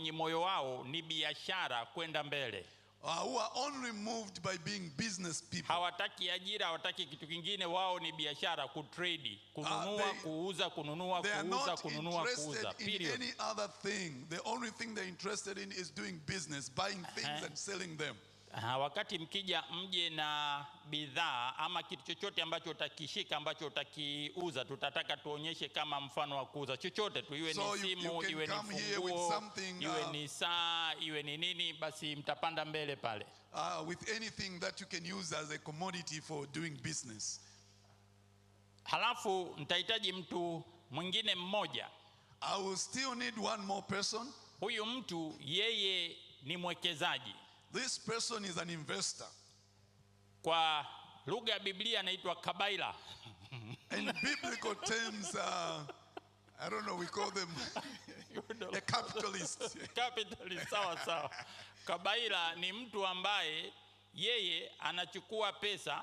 kwenye moyo wao ni biashara kwenda mbele. Uh, who are only moved by being business people. Hawataki ajira, hawataki kitu kingine, wao ni biashara, kutrade, kununua, uh, they, kuuza, kununua, they kuuza, are not kununua, interested kuuza. In any other thing. The only thing they're interested in is doing business, buying things uh -huh. and selling them. Ha, wakati mkija mje na bidhaa ama kitu chochote ambacho utakishika ambacho utakiuza, tutataka tuonyeshe kama mfano wa kuuza chochote tu, iwe so ni simu, iwe ni funguo, iwe uh, ni saa, iwe ni nini, basi mtapanda mbele pale. Uh, with anything that you can use as a commodity for doing business. Halafu nitahitaji mtu mwingine mmoja. I will still need one more person. Huyu mtu yeye ni mwekezaji. This person is an investor. Kwa lugha ya Biblia anaitwa kabaila. In biblical terms, uh, I don't know, we call them the capitalist. Capitalist, sawa sawa. Kabaila ni mtu ambaye yeye anachukua pesa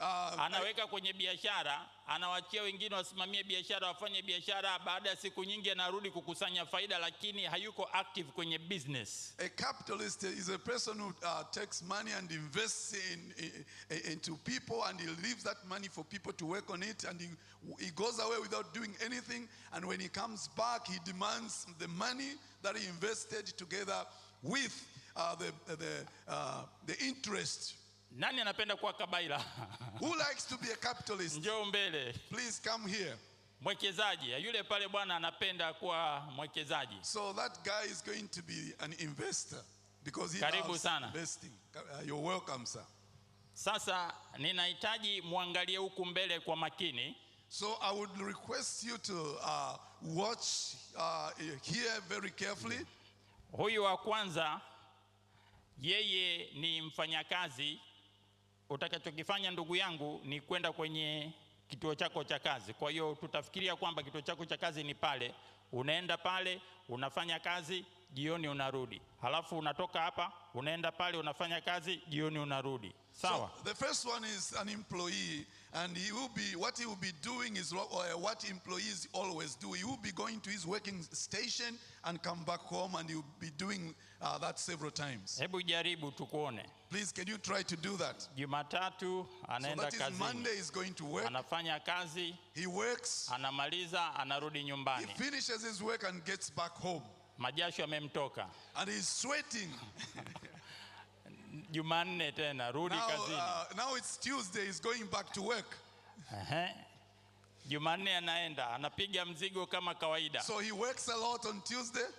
Uh, anaweka kwenye biashara, anawachia wengine wasimamie biashara, wafanye biashara. Baada ya siku nyingi, anarudi kukusanya faida, lakini hayuko active kwenye business. A capitalist is a person who uh, takes money and invests in, in, into people and he leaves that money for people to work on it and he, he goes away without doing anything and when he comes back he demands the money that he invested together with uh, the, the, uh, the interest nani anapenda kuwa kabaila? Who likes to be a capitalist? Njoo mbele. Please come here. Mwekezaji, yule pale bwana anapenda kuwa mwekezaji. So that guy is going to be an investor because he Karibu loves sana. investing. Uh, you're welcome, sir. Sasa ninahitaji muangalie huku mbele kwa makini. So I would request you to uh, watch uh, here very carefully. Huyu wa kwanza yeye ni mfanyakazi utakachokifanya ndugu yangu ni kwenda kwenye kituo chako cha kazi. Kwa hiyo tutafikiria kwamba kituo chako cha kazi ni pale, unaenda pale unafanya kazi, jioni unarudi, halafu unatoka hapa unaenda pale unafanya kazi, jioni unarudi. Sawa. So, the first one is an employee And he will be, what he will be doing is uh, what employees always do. He will be going to his working station and come back home, and he will be doing uh, that several times. Hebu jaribu tukuone. Please, can you try to do that? Jumatatu anaenda so kazini. Monday is going to work. Anafanya kazi. He works. Anamaliza, anarudi nyumbani. He finishes his work and gets back home. Majasho yamemtoka. And he's sweating. Jumanne tena rudi now, kazini. Uh, now it's Tuesday, he's going back to work. Jumanne anaenda anapiga mzigo kama kawaida. So he works a lot on Tuesday.